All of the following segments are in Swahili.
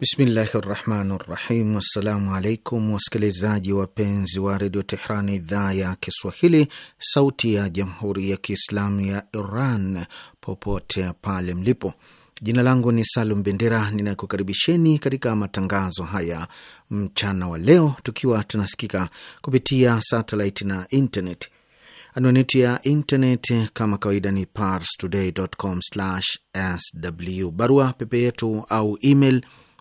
Bismillahi rahmani rahim. Assalamu alaikum wasikilizaji wapenzi wa redio Tehran, idhaa ya Kiswahili, sauti ya jamhuri ya kiislamu ya Iran, popote pale mlipo. Jina langu ni Salum Bendera, ninakukaribisheni katika matangazo haya mchana wa leo, tukiwa tunasikika kupitia satellite na internet. Anwani yetu ya internet kama kawaida ni parstoday.com/sw, barua pepe yetu au email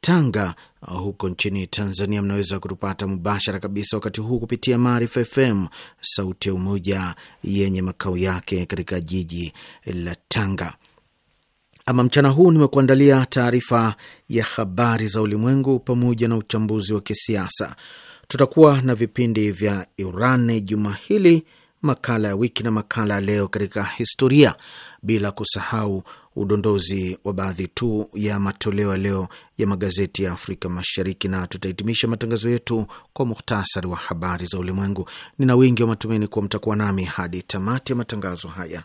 Tanga uh, huko nchini Tanzania, mnaweza kutupata mubashara kabisa wakati huu kupitia Maarifa FM, sauti ya Umoja, yenye makao yake katika jiji la Tanga. Ama mchana huu nimekuandalia taarifa ya habari za ulimwengu pamoja na uchambuzi wa kisiasa. Tutakuwa na vipindi vya Iran juma hili, makala ya wiki na makala ya leo katika historia, bila kusahau udondozi wa baadhi tu ya matoleo ya leo ya magazeti ya Afrika Mashariki, na tutahitimisha matangazo yetu kwa muhtasari wa habari za ulimwengu. Nina wingi wa matumaini kuwa mtakuwa nami hadi tamati ya matangazo haya.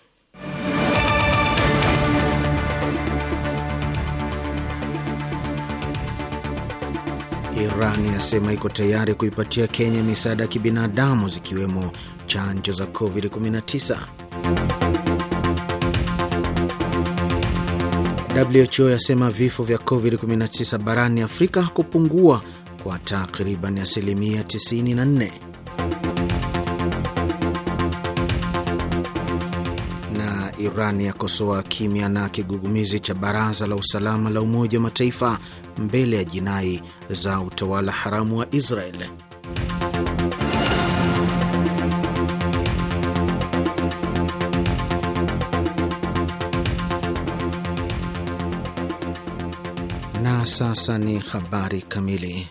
Iran yasema iko tayari kuipatia Kenya misaada ya kibinadamu zikiwemo chanjo za COVID-19. WHO yasema vifo vya COVID-19 barani Afrika kupungua kwa takriban asilimia 94. Iran yakosoa kimya na kigugumizi cha baraza la usalama la Umoja wa Mataifa mbele ya jinai za utawala haramu wa Israel. Na sasa ni habari kamili.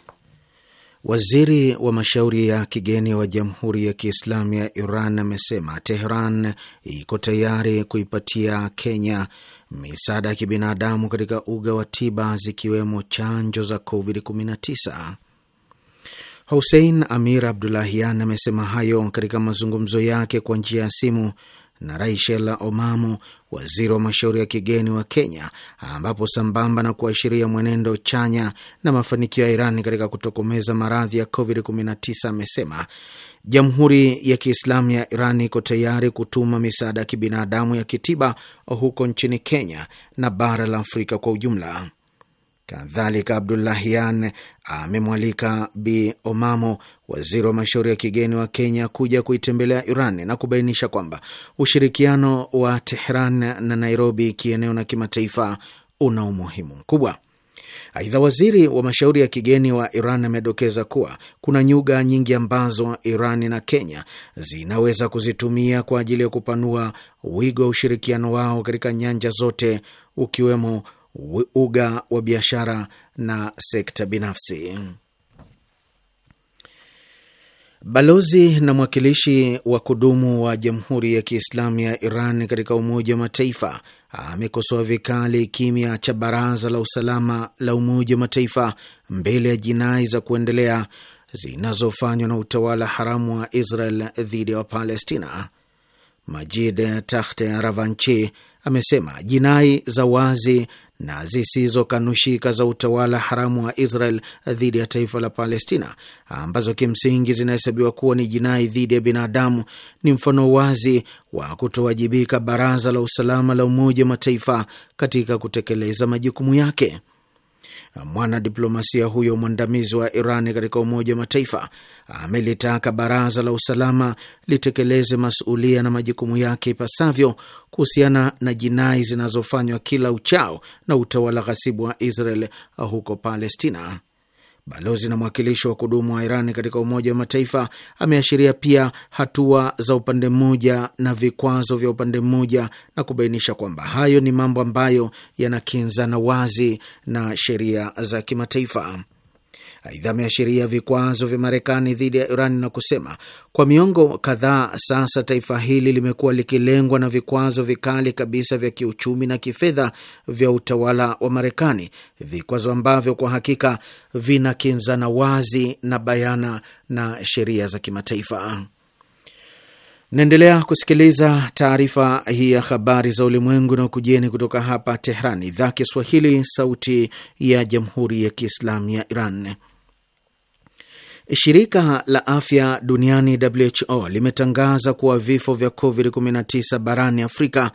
Waziri wa mashauri ya kigeni wa Jamhuri ya Kiislamu ya Iran amesema Tehran iko tayari kuipatia Kenya misaada ya kibinadamu katika uga wa tiba zikiwemo chanjo za COVID-19. Hussein Amir Abdulahian amesema hayo katika mazungumzo yake kwa njia ya simu na Rachel Omamo, waziri wa mashauri ya kigeni wa Kenya, ambapo sambamba na kuashiria mwenendo chanya na mafanikio ya Iran katika kutokomeza maradhi ya COVID-19 amesema Jamhuri ya Kiislamu ya Iran iko tayari kutuma misaada ya kibinadamu ya kitiba huko nchini Kenya na bara la Afrika kwa ujumla. Kadhalika, Abdullahian amemwalika Bi Omamo waziri wa mashauri ya kigeni wa Kenya kuja kuitembelea Iran na kubainisha kwamba ushirikiano wa Tehran na Nairobi kieneo na kimataifa una umuhimu mkubwa. Aidha, waziri wa mashauri ya kigeni wa Iran amedokeza kuwa kuna nyuga nyingi ambazo Iran na Kenya zinaweza kuzitumia kwa ajili ya kupanua wigo wa ushirikiano wao katika nyanja zote, ukiwemo uga wa biashara na sekta binafsi. Balozi na mwakilishi wa kudumu wa Jamhuri ya Kiislamu ya Iran katika Umoja wa Mataifa amekosoa vikali kimya cha Baraza la Usalama la Umoja wa Mataifa mbele ya jinai za kuendelea zinazofanywa na utawala haramu wa Israel dhidi ya Wapalestina. Majid Tahte Ravanchi amesema jinai za wazi na zisizokanushika za utawala haramu wa Israel dhidi ya taifa la Palestina, ambazo kimsingi zinahesabiwa kuwa ni jinai dhidi ya binadamu, ni mfano wazi wa kutowajibika Baraza la Usalama la Umoja wa Mataifa katika kutekeleza majukumu yake. Mwanadiplomasia huyo mwandamizi wa Iran katika Umoja wa Mataifa amelitaka Baraza la Usalama litekeleze masuulia na majukumu yake ipasavyo kuhusiana na jinai zinazofanywa kila uchao na utawala ghasibu wa Israel huko Palestina. Balozi na mwakilishi wa kudumu wa Iran katika Umoja wa Mataifa ameashiria pia hatua za upande mmoja na vikwazo vya upande mmoja na kubainisha kwamba hayo ni mambo ambayo yanakinzana wazi na sheria za kimataifa. Aidha, ameashiria vikwazo vya Marekani dhidi ya Iran na kusema kwa miongo kadhaa sasa taifa hili limekuwa likilengwa na vikwazo vikali kabisa vya kiuchumi na kifedha vya utawala wa Marekani, vikwazo ambavyo kwa hakika vinakinzana wazi na bayana na sheria za kimataifa. Naendelea kusikiliza taarifa hii ya habari za ulimwengu na kujieni kutoka hapa Tehran, idhaa Kiswahili, sauti ya jamhuri ya kiislamu ya Iran. Shirika la afya duniani WHO limetangaza kuwa vifo vya COVID-19 barani Afrika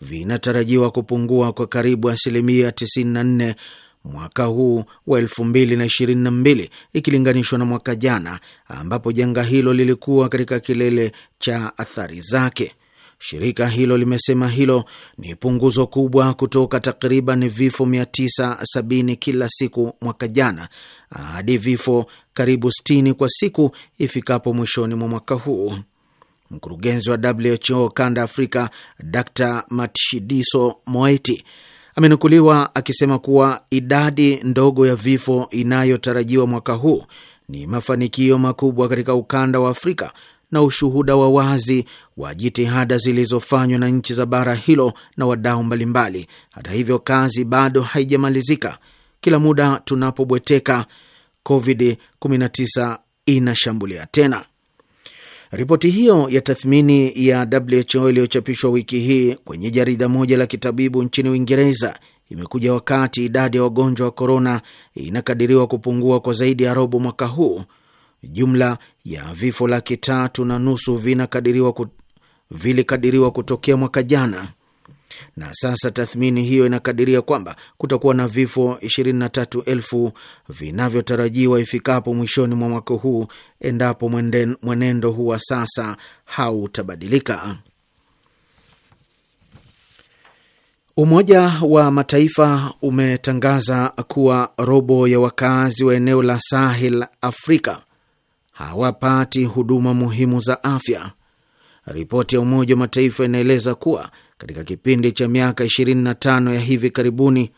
vinatarajiwa kupungua kwa karibu asilimia 94 mwaka huu wa 2022 ikilinganishwa na mwaka jana ambapo janga hilo lilikuwa katika kilele cha athari zake. Shirika hilo limesema hilo ni punguzo kubwa kutoka takriban vifo 970 kila siku mwaka jana hadi vifo karibu 60 kwa siku ifikapo mwishoni mwa mwaka huu. Mkurugenzi wa WHO kanda Afrika, Dr Matshidiso Moeti amenukuliwa akisema kuwa idadi ndogo ya vifo inayotarajiwa mwaka huu ni mafanikio makubwa katika ukanda wa Afrika na ushuhuda wa wazi wa jitihada zilizofanywa na nchi za bara hilo na wadau mbalimbali. Hata hivyo, kazi bado haijamalizika. Kila muda tunapobweteka, COVID-19 inashambulia tena. Ripoti hiyo ya tathmini ya WHO iliyochapishwa wiki hii kwenye jarida moja la kitabibu nchini Uingereza imekuja wakati idadi ya wagonjwa wa korona inakadiriwa kupungua kwa zaidi ya robo mwaka huu Jumla ya vifo laki tatu na nusu vinakadiriwa ku, vilikadiriwa kutokea mwaka jana, na sasa tathmini hiyo inakadiria kwamba kutakuwa na vifo ishirini elfu vinavyotarajiwa ifikapo mwishoni mwa mwaka huu endapo mwenden, mwenendo huu wa sasa hautabadilika. Umoja wa Mataifa umetangaza kuwa robo ya wakazi wa eneo la Sahel Afrika hawapati huduma muhimu za afya. Ripoti ya Umoja wa Mataifa inaeleza kuwa katika kipindi cha miaka 25 ya hivi karibuni,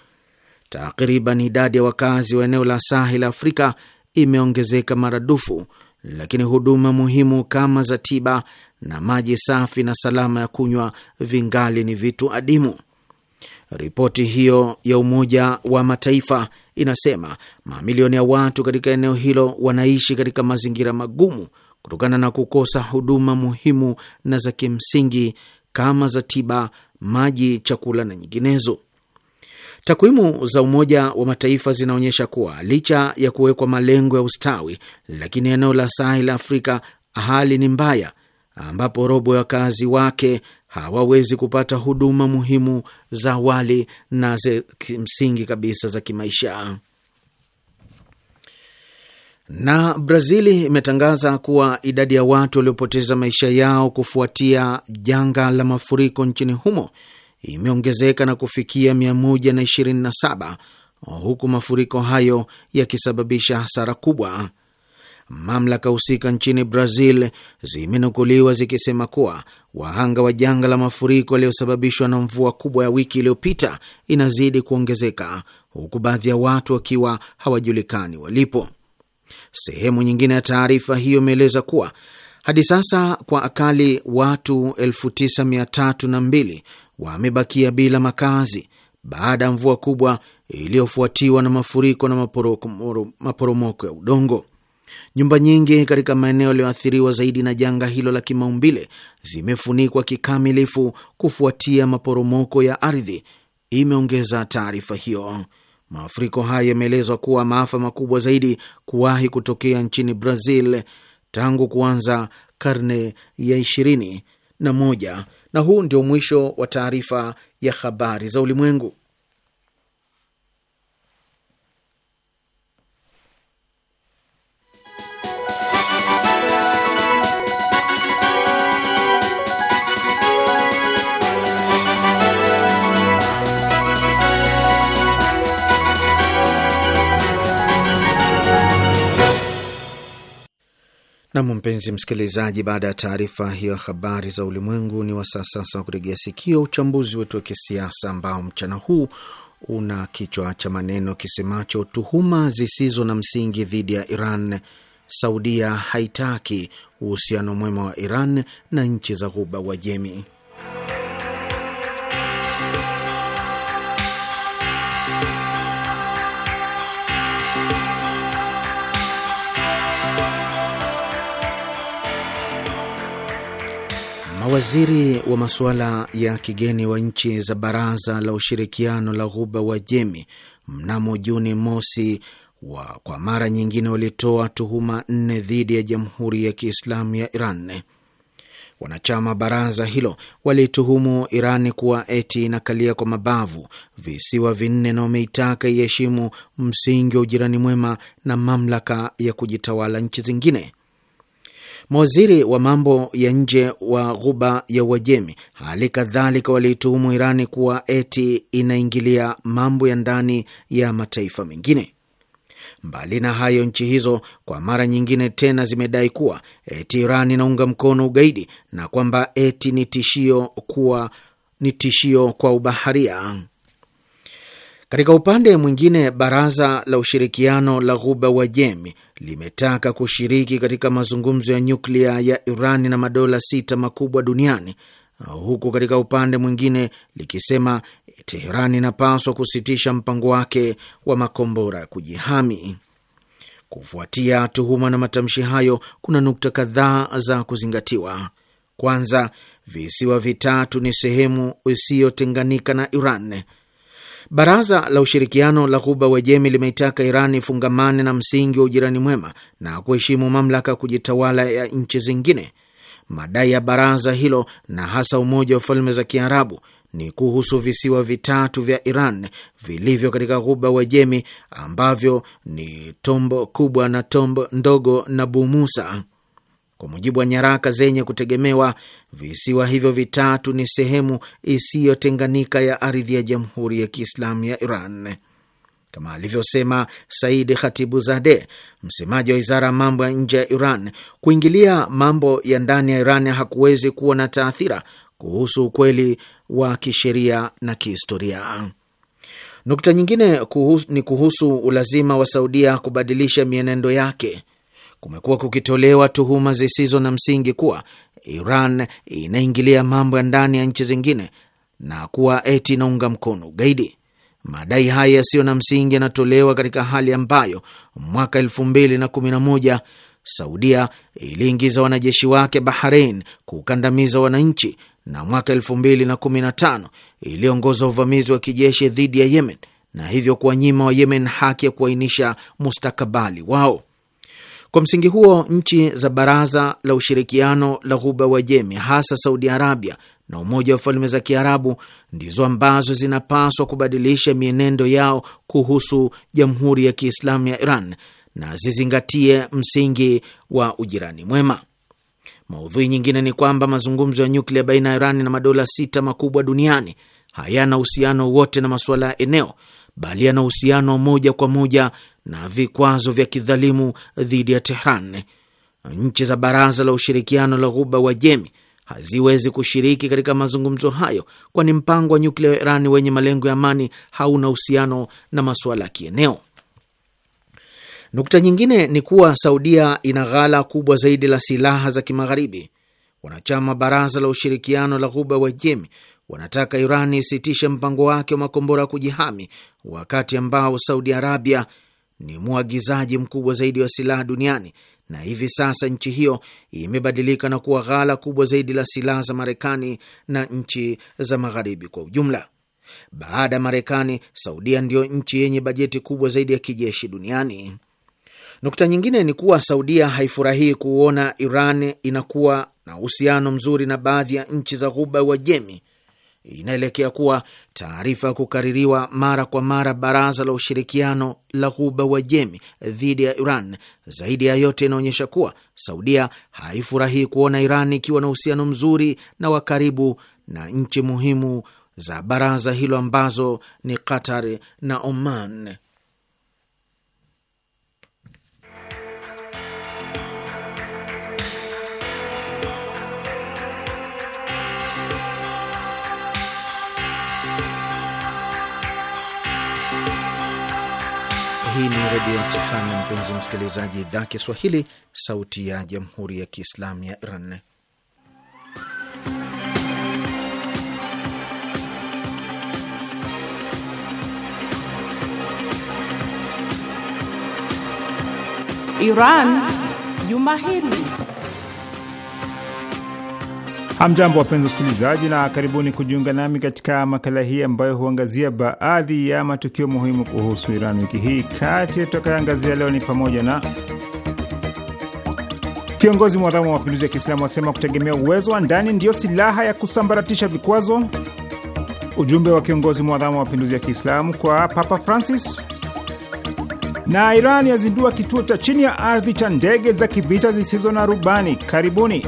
takriban idadi ya wakazi wa eneo la Sahel Afrika imeongezeka maradufu, lakini huduma muhimu kama za tiba na maji safi na salama ya kunywa vingali ni vitu adimu. Ripoti hiyo ya Umoja wa Mataifa inasema mamilioni ya watu katika eneo hilo wanaishi katika mazingira magumu kutokana na kukosa huduma muhimu na za kimsingi kama za tiba, maji, chakula na nyinginezo. Takwimu za Umoja wa Mataifa zinaonyesha kuwa licha ya kuwekwa malengo ya ustawi, lakini eneo la Sahel Afrika hali ni mbaya, ambapo robo ya wakazi wake hawawezi kupata huduma muhimu za awali na za msingi kabisa za kimaisha. Na Brazili imetangaza kuwa idadi ya watu waliopoteza maisha yao kufuatia janga la mafuriko nchini humo imeongezeka na kufikia 127 huku mafuriko hayo yakisababisha hasara kubwa. Mamlaka husika nchini Brazil zimenukuliwa zikisema kuwa wahanga wa janga la mafuriko yaliyosababishwa na mvua kubwa ya wiki iliyopita inazidi kuongezeka huku baadhi ya watu wakiwa hawajulikani walipo. Sehemu nyingine ya taarifa hiyo imeeleza kuwa hadi sasa kwa akali watu 932 wamebakia bila makazi baada ya mvua kubwa iliyofuatiwa na mafuriko na maporomoko ya udongo. Nyumba nyingi katika maeneo yaliyoathiriwa zaidi na janga hilo la kimaumbile zimefunikwa kikamilifu kufuatia maporomoko ya ardhi, imeongeza taarifa hiyo. Maafuriko hayo yameelezwa kuwa maafa makubwa zaidi kuwahi kutokea nchini Brazil tangu kuanza karne ya ishirini na moja. Na huu ndio mwisho wa taarifa ya habari za ulimwengu. Nam, mpenzi msikilizaji, baada ya taarifa hiyo habari za ulimwengu, ni wasaa sasa wa kuregea sikio uchambuzi wetu wa kisiasa ambao mchana huu una kichwa cha maneno kisemacho tuhuma zisizo na msingi dhidi ya Iran, Saudia haitaki uhusiano mwema wa Iran na nchi za Ghuba Wajemi. Mawaziri wa masuala ya kigeni wa nchi za Baraza la Ushirikiano la Ghuba wa jemi mnamo Juni mosi wa kwa mara nyingine walitoa tuhuma nne dhidi ya Jamhuri ya Kiislamu ya Iran. Wanachama baraza hilo walituhumu Irani kuwa eti inakalia kwa mabavu visiwa vinne na wameitaka iheshimu msingi wa ujirani mwema na mamlaka ya kujitawala nchi zingine. Mawaziri wa mambo ya nje wa Ghuba ya Uajemi hali kadhalika waliituhumu Irani kuwa eti inaingilia mambo ya ndani ya mataifa mengine. Mbali na hayo, nchi hizo kwa mara nyingine tena zimedai kuwa eti iran inaunga mkono ugaidi na kwamba eti ni tishio kuwa ni tishio kwa ubaharia. Katika upande mwingine, baraza la ushirikiano la Ghuba Uajemi limetaka kushiriki katika mazungumzo ya nyuklia ya Iran na madola sita makubwa duniani, huku katika upande mwingine likisema Teheran inapaswa kusitisha mpango wake wa makombora ya kujihami. Kufuatia tuhuma na matamshi hayo, kuna nukta kadhaa za kuzingatiwa. Kwanza, visiwa vitatu ni sehemu isiyotenganika na Iran. Baraza la Ushirikiano la Ghuba Wajemi limeitaka Iran ifungamane na msingi wa ujirani mwema na kuheshimu mamlaka ya kujitawala ya nchi zingine. Madai ya baraza hilo na hasa Umoja wa Falme za Kiarabu ni kuhusu visiwa vitatu vya Iran vilivyo katika Ghuba Wajemi ambavyo ni Tombo Kubwa na Tombo Ndogo na Bu Musa. Kwa mujibu wa nyaraka zenye kutegemewa, visiwa hivyo vitatu ni sehemu isiyotenganika ya ardhi ya Jamhuri ya Kiislamu ya Iran, kama alivyosema Said zade msemaji wa wizara ya mambo ya nje ya Iran. Kuingilia mambo ya ndani ya Iran hakuwezi kuwa na taathira kuhusu ukweli wa kisheria na kihistoria. Nukta nyingine kuhusu, ni kuhusu ulazima wa Saudia kubadilisha mienendo yake kumekuwa kukitolewa tuhuma zisizo na msingi kuwa Iran inaingilia mambo ya ndani ya nchi zingine na kuwa eti inaunga mkono ugaidi. Madai haya yasiyo na msingi yanatolewa katika hali ambayo mwaka elfu mbili na kumi na moja Saudia iliingiza wanajeshi wake bahrein kukandamiza wananchi na mwaka elfu mbili na kumi na tano iliongoza uvamizi wa kijeshi dhidi ya Yemen na hivyo kuwanyima wa Yemen haki ya kuainisha mustakabali wao. Kwa msingi huo, nchi za Baraza la Ushirikiano la Ghuba Wajemi, hasa Saudi Arabia na Umoja wa Falme za Kiarabu, ndizo ambazo zinapaswa kubadilisha mienendo yao kuhusu Jamhuri ya Kiislamu ya Iran na zizingatie msingi wa ujirani mwema. Maudhui nyingine ni kwamba mazungumzo ya nyuklia baina ya Iran na madola sita makubwa duniani hayana uhusiano wote na masuala ya eneo, bali yana uhusiano moja kwa moja na vikwazo vya kidhalimu dhidi ya Tehran. Nchi za Baraza la Ushirikiano la Ghuba Wajemi haziwezi kushiriki katika mazungumzo hayo, kwani mpango wa nyuklia wa Iran wenye malengo ya amani hauna uhusiano na masuala ya kieneo. Nukta nyingine ni kuwa Saudia ina ghala kubwa zaidi la silaha za kimagharibi. Wanachama baraza la ushirikiano la Ghuba Wajemi wanataka Iran isitishe mpango wake wa makombora ya kujihami, wakati ambao Saudi Arabia ni mwagizaji mkubwa zaidi wa silaha duniani na hivi sasa nchi hiyo imebadilika na kuwa ghala kubwa zaidi la silaha za Marekani na nchi za Magharibi kwa ujumla. Baada ya Marekani, Saudia ndiyo nchi yenye bajeti kubwa zaidi ya kijeshi duniani. Nukta nyingine ni kuwa Saudia haifurahii kuona Iran inakuwa na uhusiano mzuri na baadhi ya nchi za Ghuba Wajemi, inaelekea kuwa taarifa ya kukaririwa mara kwa mara Baraza la Ushirikiano la Ghuba Uajemi dhidi ya Iran zaidi ya yote inaonyesha kuwa Saudia haifurahii kuona Iran ikiwa na uhusiano mzuri na wa karibu na nchi muhimu za baraza hilo ambazo ni Qatar na Oman. Redio Tehran mpenzi msikilizaji, idhaa Kiswahili, sauti ya jamhuri ya kiislamu ya Iran. Iran Juma Hili. Hamjambo, wapenzi wasikilizaji, na karibuni kujiunga nami katika makala hii ambayo huangazia baadhi ya matukio muhimu kuhusu Iran wiki hii. Kati tutakayoangazia leo ni pamoja na kiongozi mwadhamu wa mapinduzi ya Kiislamu wasema kutegemea uwezo wa ndani ndiyo silaha ya kusambaratisha vikwazo, ujumbe wa kiongozi mwadhamu wa mapinduzi ya Kiislamu kwa Papa Francis na Iran yazindua kituo cha chini ya ardhi cha ndege za kivita zisizo na rubani. Karibuni.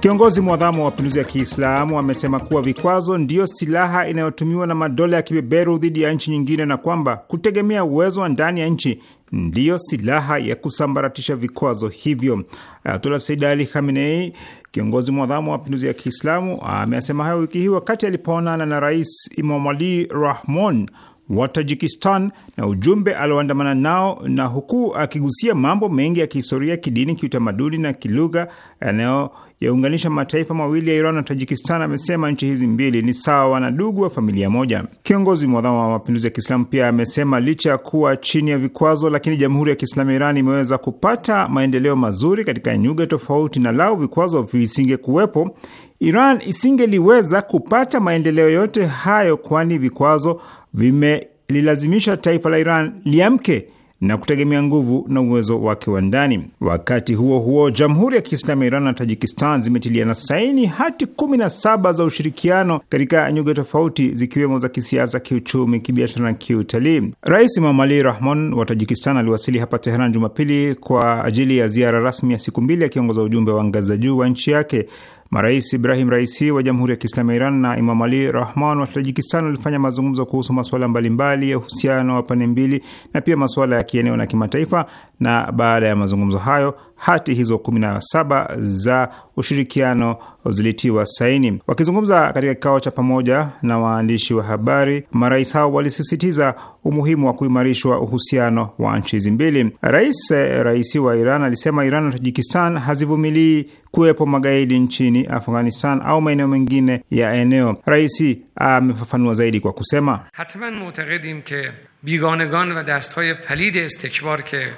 Kiongozi mwadhamu wa mapinduzi ya Kiislamu amesema kuwa vikwazo ndiyo silaha inayotumiwa na madola ya kibeberu dhidi ya nchi nyingine na kwamba kutegemea uwezo wa ndani ya nchi ndiyo silaha ya kusambaratisha vikwazo hivyo. Ayatullah Sayyid Ali Khamenei, kiongozi mwadhamu wa mapinduzi ya Kiislamu, ameasema hayo wiki hii wakati alipoonana na Rais imamali Rahmon wa Tajikistan na ujumbe alioandamana nao na huku akigusia mambo mengi ya kihistoria, kidini, kiutamaduni na kilugha yanayo yaunganisha mataifa mawili ya Iran na Tajikistan, amesema nchi hizi mbili ni sawa na ndugu wa familia moja. Kiongozi mwadhamu wa mapinduzi ya Kiislamu pia amesema licha ya kuwa chini ya vikwazo, lakini Jamhuri ya Kiislamu ya Iran imeweza kupata maendeleo mazuri katika nyuga tofauti, na lau vikwazo visingekuwepo, Iran isingeliweza kupata maendeleo yote hayo, kwani vikwazo vimelilazimisha taifa la Iran liamke na kutegemea nguvu na uwezo wake wa ndani. Wakati huo huo, Jamhuri ya Kiislamu ya Iran na Tajikistan zimetiliana saini hati kumi na saba za ushirikiano katika nyuga tofauti zikiwemo za kisiasa, kiuchumi, kibiashara na kiutalii. Rais Mamali Rahmon wa Tajikistan aliwasili hapa Teheran Jumapili kwa ajili ya ziara rasmi ya siku mbili akiongoza ujumbe wa ngazi za juu wa nchi yake. Marais Ibrahim Raisi wa Jamhuri ya Kiislamu ya Iran na Imam Ali Rahman wa Tajikistan walifanya mazungumzo kuhusu masuala mbalimbali ya uhusiano wa pande mbili na pia masuala ya kieneo na kimataifa. Na baada ya mazungumzo hayo, hati hizo kumi na saba za ushirikiano zilitiwa saini. Wakizungumza katika kikao cha pamoja na waandishi wa habari, marais hao walisisitiza umuhimu wa kuimarishwa uhusiano wa nchi hizi mbili. Rais eh, Raisi wa Iran alisema Iran na Tajikistan hazivumilii kuwepo magaidi nchini Afghanistan au maeneo mengine ya eneo. raisi amefafanua zaidi kwa kusema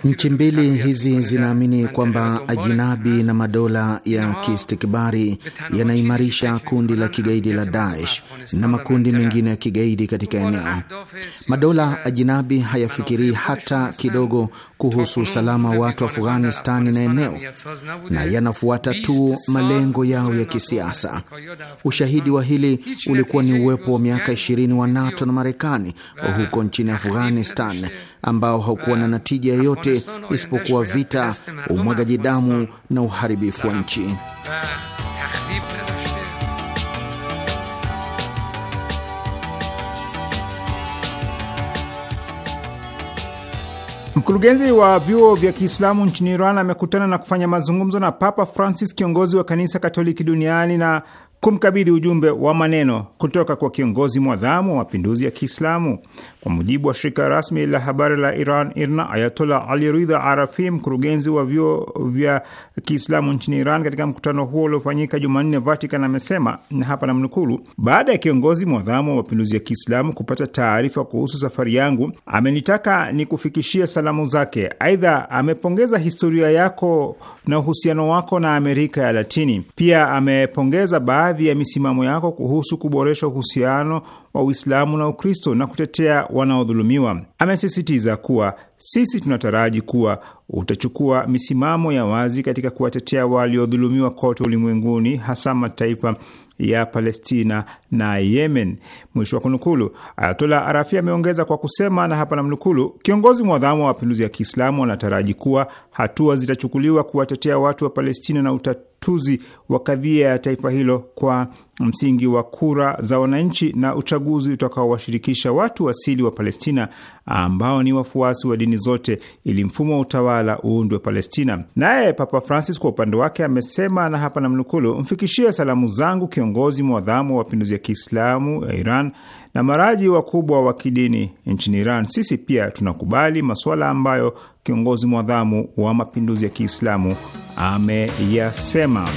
Nchi mbili hizi zinaamini kwamba ajinabi na madola ya kiistikbari yanaimarisha kundi la kigaidi la Daesh na makundi mengine ya kigaidi katika eneo. Madola ajinabi hayafikirii hata kidogo kuhusu usalama wa watu Afghanistani na eneo, na yanafuata tu malengo yao ya kisiasa. Ushahidi wa hili ulikuwa ni uwepo wa miaka 20 wa NATO na Marekani huko nchini Afghanistan Afghanistan ambao haukuwa na natija yoyote isipokuwa vita, umwagaji damu na uharibifu wa nchi. Mkurugenzi wa vyuo vya Kiislamu nchini Iran amekutana na kufanya mazungumzo na Papa Francis, kiongozi wa kanisa Katoliki duniani na kumkabidhi ujumbe wa maneno kutoka kwa kiongozi mwadhamu wa mapinduzi ya Kiislamu. Kwa mujibu wa shirika rasmi la habari la Iran IRNA, Ayatola Ali Ridha Arafi, mkurugenzi wa vyuo vya Kiislamu nchini Iran, katika mkutano huo uliofanyika Jumanne Vatican, amesema na hapa namnukuu: baada ya kiongozi mwadhamu wa mapinduzi ya Kiislamu kupata taarifa kuhusu safari yangu, amenitaka ni kufikishia salamu zake. Aidha, amepongeza historia yako na uhusiano wako na Amerika ya Latini. Pia amepongeza baadhi baadhi ya misimamo yako kuhusu kuboresha uhusiano wa Uislamu na Ukristo na kutetea wanaodhulumiwa. Amesisitiza kuwa sisi tunataraji kuwa utachukua misimamo ya wazi katika kuwatetea waliodhulumiwa kote ulimwenguni, hasa mataifa ya Palestina na Yemen. Mwisho wa kunukulu. Ayatola Arafi ameongeza kwa kusema, na hapa namnukulu, kiongozi mwadhamu wa mapinduzi ya Kiislamu anataraji kuwa hatua zitachukuliwa kuwatetea watu wa Palestina na utatu ugatuzi wa kadhia ya taifa hilo kwa msingi wa kura za wananchi na uchaguzi utakaowashirikisha watu asili wa Palestina ambao ni wafuasi wa dini zote ili mfumo wa utawala uundwe Palestina. Naye Papa Francis kwa upande wake amesema, na hapa namnukulu: mfikishie salamu zangu kiongozi mwadhamu wa mapinduzi ya Kiislamu ya Iran na maraji wakubwa wa kidini nchini Iran, sisi pia tunakubali masuala ambayo kiongozi mwadhamu wa mapinduzi ya Kiislamu ameyasema.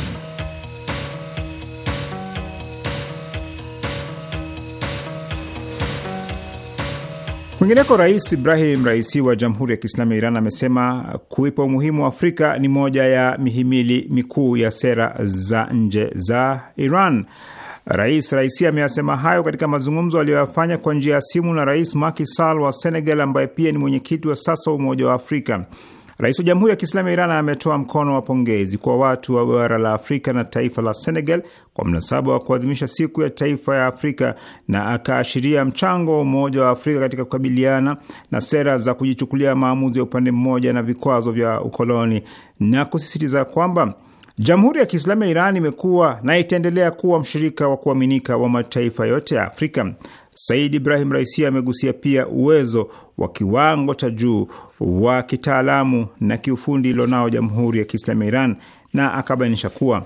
Kwingineko, Rais Ibrahim Raisi wa Jamhuri ya Kiislamu ya Iran amesema kuipa umuhimu wa Afrika ni moja ya mihimili mikuu ya sera za nje za Iran. Rais Raisi ameyasema hayo katika mazungumzo aliyoyafanya kwa njia ya simu na Rais Macky Sall wa Senegal, ambaye pia ni mwenyekiti wa sasa wa Umoja wa Afrika. Rais wa Jamhuri ya Kiislamu ya Iran ametoa mkono wa pongezi kwa watu wa bara la Afrika na taifa la Senegal kwa mnasaba wa kuadhimisha siku ya taifa ya Afrika na akaashiria mchango wa Umoja wa Afrika katika kukabiliana na sera za kujichukulia maamuzi ya upande mmoja na vikwazo vya ukoloni na kusisitiza kwamba Jamhuri ya Kiislamu ya Iran imekuwa na itaendelea kuwa mshirika wa kuaminika wa mataifa yote ya Afrika. Said Ibrahim Raisi amegusia pia uwezo wa kiwango cha juu wa kitaalamu na kiufundi ilionao Jamhuri ya Kiislamu ya Iran na akabainisha kuwa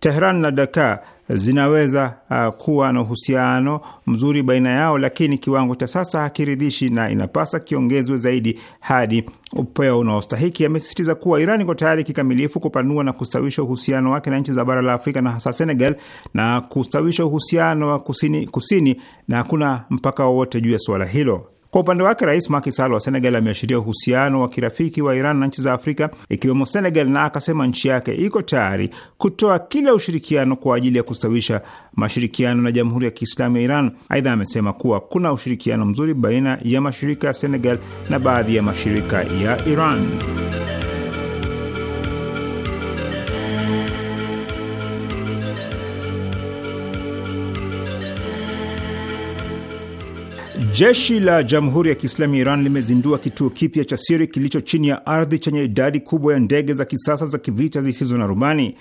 Tehran na Dakar zinaweza uh, kuwa na uhusiano mzuri baina yao, lakini kiwango cha sasa hakiridhishi na inapasa kiongezwe zaidi hadi upeo unaostahiki. Amesisitiza kuwa Iran iko tayari kikamilifu kupanua na kustawisha uhusiano wake na nchi za bara la Afrika na hasa Senegal na kustawisha uhusiano wa kusini kusini, na hakuna mpaka wowote juu ya suala hilo. Kwa upande wake Rais Macky Sall wa Senegal ameashiria uhusiano wa kirafiki wa Iran na nchi za Afrika ikiwemo Senegal, na akasema nchi yake iko tayari kutoa kila ushirikiano kwa ajili ya kustawisha mashirikiano na Jamhuri ya Kiislamu ya Iran. Aidha, amesema kuwa kuna ushirikiano mzuri baina ya mashirika ya Senegal na baadhi ya mashirika ya Iran. Jeshi la Jamhuri ya Kiislamu ya Iran limezindua kituo kipya cha siri kilicho chini ya ardhi chenye idadi kubwa ya ndege za kisasa za kivita zisizo na rubani.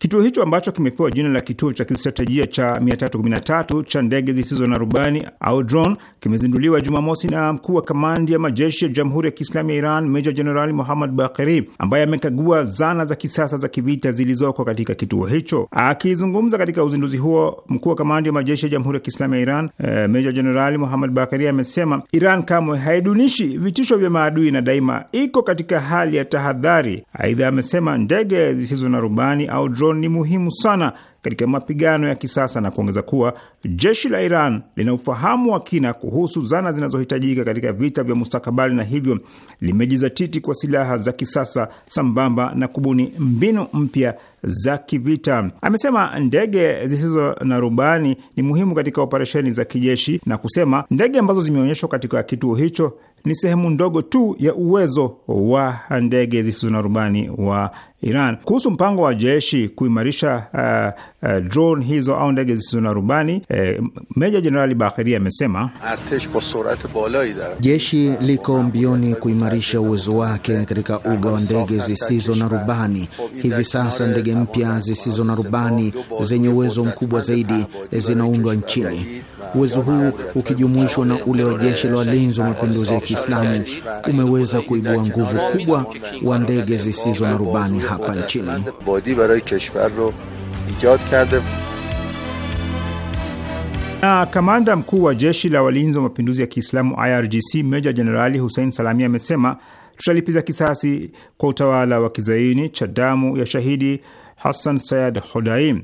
Kituo hicho ambacho kimepewa jina la kituo cha kistratejia cha 313 cha ndege zisizo na rubani au drone kimezinduliwa Jumamosi na mkuu wa kamandi ya majeshi ya Jamhuri ya Kiislamu ya Iran Meja Jenerali Muhammad Bakeri ambaye amekagua zana za kisasa za kivita zilizoko katika kituo hicho. Akizungumza katika uzinduzi huo, mkuu wa kamandi ya majeshi ya Jamhuri ya Kiislamu ya Iran eh, Meja Jenerali Muhammad Bakeri amesema Iran kamwe haidunishi vitisho vya maadui na daima iko katika hali ya tahadhari. Aidha amesema ndege zisizo na rubani au drone ni muhimu sana katika mapigano ya kisasa na kuongeza kuwa jeshi la Iran lina ufahamu wa kina kuhusu zana zinazohitajika katika vita vya mustakabali na hivyo limejizatiti kwa silaha za kisasa sambamba na kubuni mbinu mpya za kivita. Amesema ndege zisizo na rubani ni muhimu katika operesheni za kijeshi na kusema ndege ambazo zimeonyeshwa katika kituo hicho ni sehemu ndogo tu ya uwezo wa ndege zisizo na rubani wa Iran. Kuhusu mpango wa jeshi kuimarisha uh, uh, drone hizo au ndege zisizo na rubani uh, Meja Jenerali Bakhiri amesema jeshi liko mbioni kuimarisha uwezo wake katika uga wa ndege zisizo na rubani. Hivi sasa ndege mpya zisizo na rubani zenye uwezo mkubwa zaidi zinaundwa nchini. Uwezo huu ukijumuishwa na ule wa jeshi la walinzi wa mapinduzi Kiislamu umeweza kuibua nguvu kubwa wa ndege zisizo na rubani hapa nchini. Na kamanda mkuu wa jeshi la walinzi wa mapinduzi ya Kiislamu IRGC meja jenerali Hussein Salami amesema tutalipiza kisasi kwa utawala wa kizaini cha damu ya shahidi Hassan Sayad Hodaim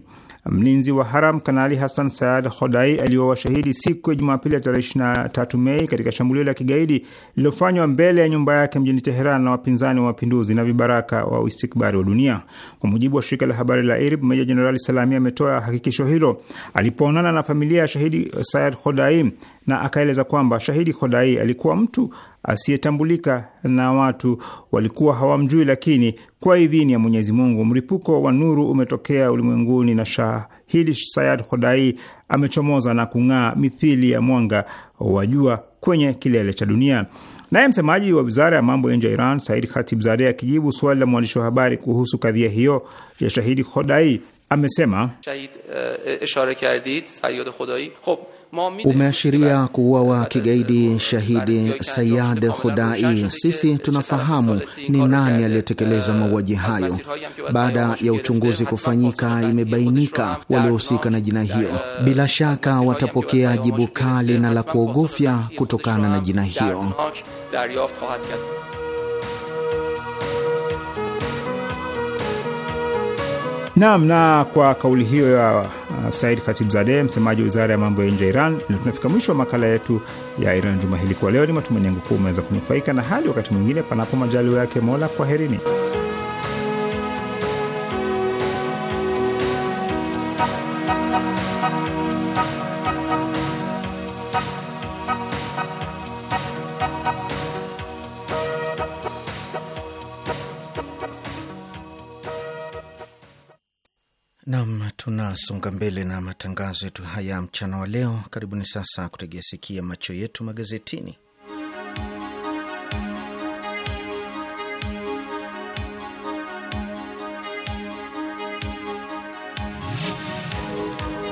mlinzi wa haram Kanali Hassan Saad Khodai aliowashahidi siku ya Jumapili ya tarehe 23 Mei katika shambulio la kigaidi lililofanywa mbele ya nyumba yake mjini Teheran na wapinzani wa mapinduzi na vibaraka wa uistikbari wa dunia. Kwa mujibu wa shirika la habari la IRIB, Meja Jenerali Salami ametoa hakikisho hilo alipoonana na familia ya shahidi Saad Khodai na akaeleza kwamba shahidi Khodai alikuwa mtu asiyetambulika na watu walikuwa hawamjui, lakini kwa idhini ya Mwenyezi Mungu mlipuko wa nuru umetokea ulimwenguni na shahidi Sayad Khodai amechomoza na kung'aa mithili ya mwanga wa jua kwenye kilele cha dunia. Naye msemaji wa wizara ya mambo ya nje ya Iran Said Khatibzadeh akijibu swali la mwandishi wa habari kuhusu kadhia hiyo ya shahidi Khodai amesema shahid, uh, ishara kardid, Khodai umeashiria kuuawa kigaidi shahidi Sayad Khudai. Sisi tunafahamu ni nani aliyetekeleza mauaji hayo. Baada ya uchunguzi kufanyika, imebainika waliohusika na jina hiyo. Bila shaka watapokea jibu kali na la kuogofya kutokana na jina hiyo. Naam, na kwa kauli hiyo ya Uh, Said Khatibzadeh, msemaji wa wizara ya mambo ya nje ya Iran. Na tunafika mwisho wa makala yetu ya Iran juma hili kwa leo. Ni matumaini yangu kuwa umeweza kunufaika na hadi Wakati mwingine, panapo majaliwa yake Mola, kwaherini. Tunasonga mbele na matangazo yetu haya mchana wa leo. Karibuni sasa kutegea sikia macho yetu magazetini.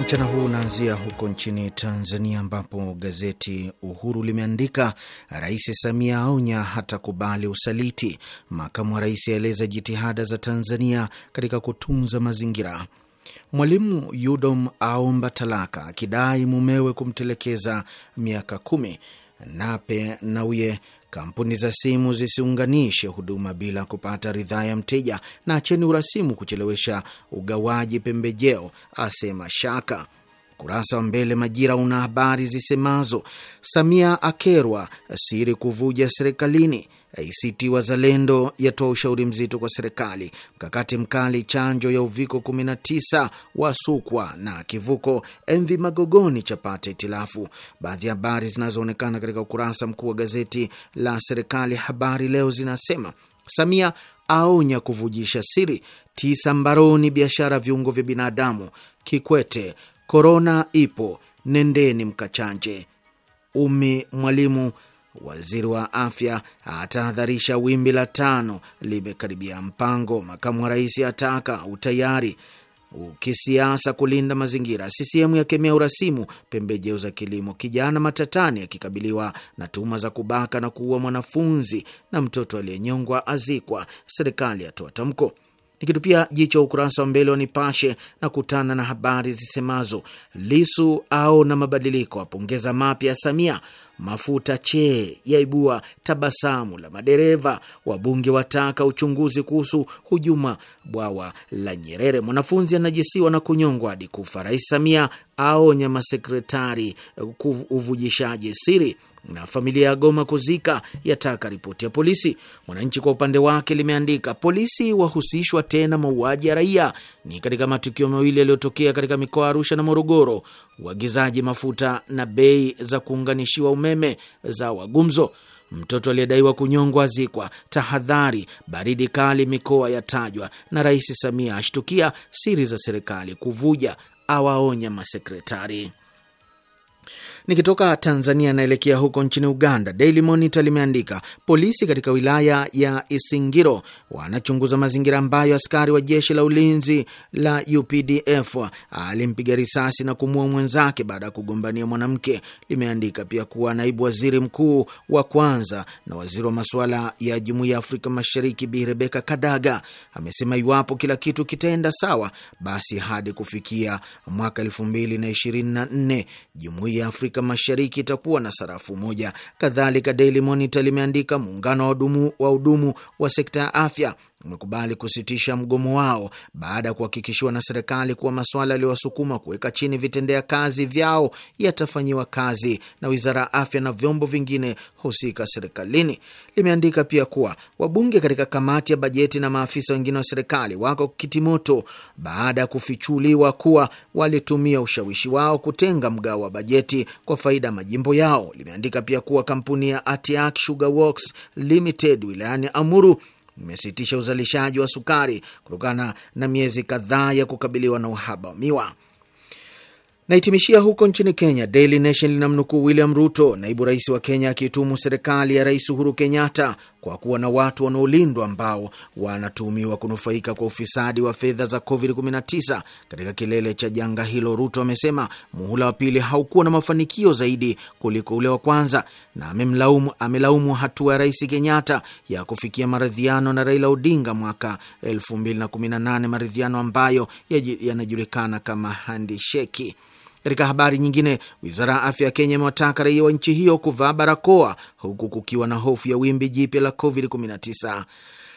Mchana huu unaanzia huko nchini Tanzania, ambapo gazeti Uhuru limeandika Rais Samia aonya hatakubali usaliti. Makamu wa rais aeleza jitihada za Tanzania katika kutunza mazingira. Mwalimu Yudom aomba talaka akidai mumewe kumtelekeza miaka kumi. Nape nauye kampuni za simu zisiunganishe huduma bila kupata ridhaa ya mteja, na acheni urasimu kuchelewesha ugawaji pembejeo, asema Shaka. Kurasa wa mbele Majira una habari zisemazo Samia akerwa siri kuvuja serikalini, ACT Wazalendo yatoa ushauri mzito kwa serikali. Mkakati mkali chanjo ya uviko 19 wasukwa na kivuko. MV Magogoni chapata itilafu. Baadhi ya habari zinazoonekana katika ukurasa mkuu wa gazeti la serikali Habari Leo zinasema Samia aonya kuvujisha siri, tisa mbaroni biashara viungo vya binadamu. Kikwete, korona ipo, nendeni mkachanje. Umi Mwalimu Waziri wa afya atahadharisha wimbi la tano limekaribia. Mpango makamu wa rais ataka utayari ukisiasa kulinda mazingira. CCM yakemea urasimu pembejeo za kilimo. Kijana matatani akikabiliwa na tuhuma za kubaka na kuua mwanafunzi, na mtoto aliyenyongwa azikwa. Serikali yatoa tamko. Nikitupia jicho ukurasa wa mbele wa Nipashe na kutana na habari zisemazo Lisu aona mabadiliko, apongeza mapya ya Samia, mafuta chee yaibua tabasamu la madereva, wabunge wataka uchunguzi kuhusu hujuma bwawa la Nyerere, mwanafunzi anajisiwa na kunyongwa hadi kufa, Rais Samia aonya masekretari uvujishaji siri na familia ya Goma kuzika yataka ripoti ya polisi. Mwananchi kwa upande wake limeandika polisi wahusishwa tena mauaji ya raia, ni katika matukio mawili yaliyotokea katika mikoa ya Arusha na Morogoro. Uagizaji mafuta na bei za kuunganishiwa umeme za wagumzo. Mtoto aliyedaiwa kunyongwa azikwa. Tahadhari, baridi kali mikoa yatajwa. Na Rais Samia ashtukia siri za serikali kuvuja, awaonya masekretari. Nikitoka Tanzania naelekea huko nchini Uganda. Daily Monitor limeandika polisi katika wilaya ya Isingiro wanachunguza mazingira ambayo askari wa jeshi la ulinzi la UPDF alimpiga risasi na kumua mwenzake baada ya kugombania mwanamke. Limeandika pia kuwa naibu waziri mkuu wa kwanza na waziri wa masuala ya jumuiya ya Afrika Mashariki Bi Rebeka Kadaga amesema iwapo kila kitu kitaenda sawa, basi hadi kufikia mwaka 2024 jumuiya ya Afrika Afrika Mashariki itakuwa na sarafu moja. Kadhalika, Daily Monitor limeandika muungano wa hudumu wa sekta ya afya umekubali kusitisha mgomo wao baada ya kuhakikishiwa na serikali kuwa masuala yaliyowasukuma kuweka chini vitendea kazi vyao yatafanyiwa kazi na wizara ya afya na vyombo vingine husika serikalini. Limeandika pia kuwa wabunge katika kamati ya bajeti na maafisa wengine wa serikali wako kitimoto baada ya kufichuliwa kuwa walitumia ushawishi wao kutenga mgao wa bajeti kwa faida ya majimbo yao. Limeandika pia kuwa kampuni ya Atiak Sugar Works Limited wilayani Amuru imesitisha uzalishaji wa sukari kutokana na miezi kadhaa ya kukabiliwa na uhaba wa miwa. Naitimishia huko nchini Kenya. Daily Nation linamnukuu William Ruto, naibu rais wa Kenya, akiitumu serikali ya Rais Uhuru Kenyatta kwa kuwa na watu wanaolindwa ambao wanatuhumiwa kunufaika kwa ufisadi wa fedha za COVID-19. Katika kilele cha janga hilo, Ruto amesema muhula wa pili haukuwa na mafanikio zaidi kuliko ule wa kwanza, na amemlaumu, amelaumu hatua ya Rais Kenyatta ya kufikia maridhiano na Raila Odinga mwaka 2018, maridhiano ambayo yanajulikana kama handisheki. Katika habari nyingine, wizara ya afya ya Kenya imewataka raia wa nchi hiyo kuvaa barakoa huku kukiwa na hofu ya wimbi jipya la COVID-19.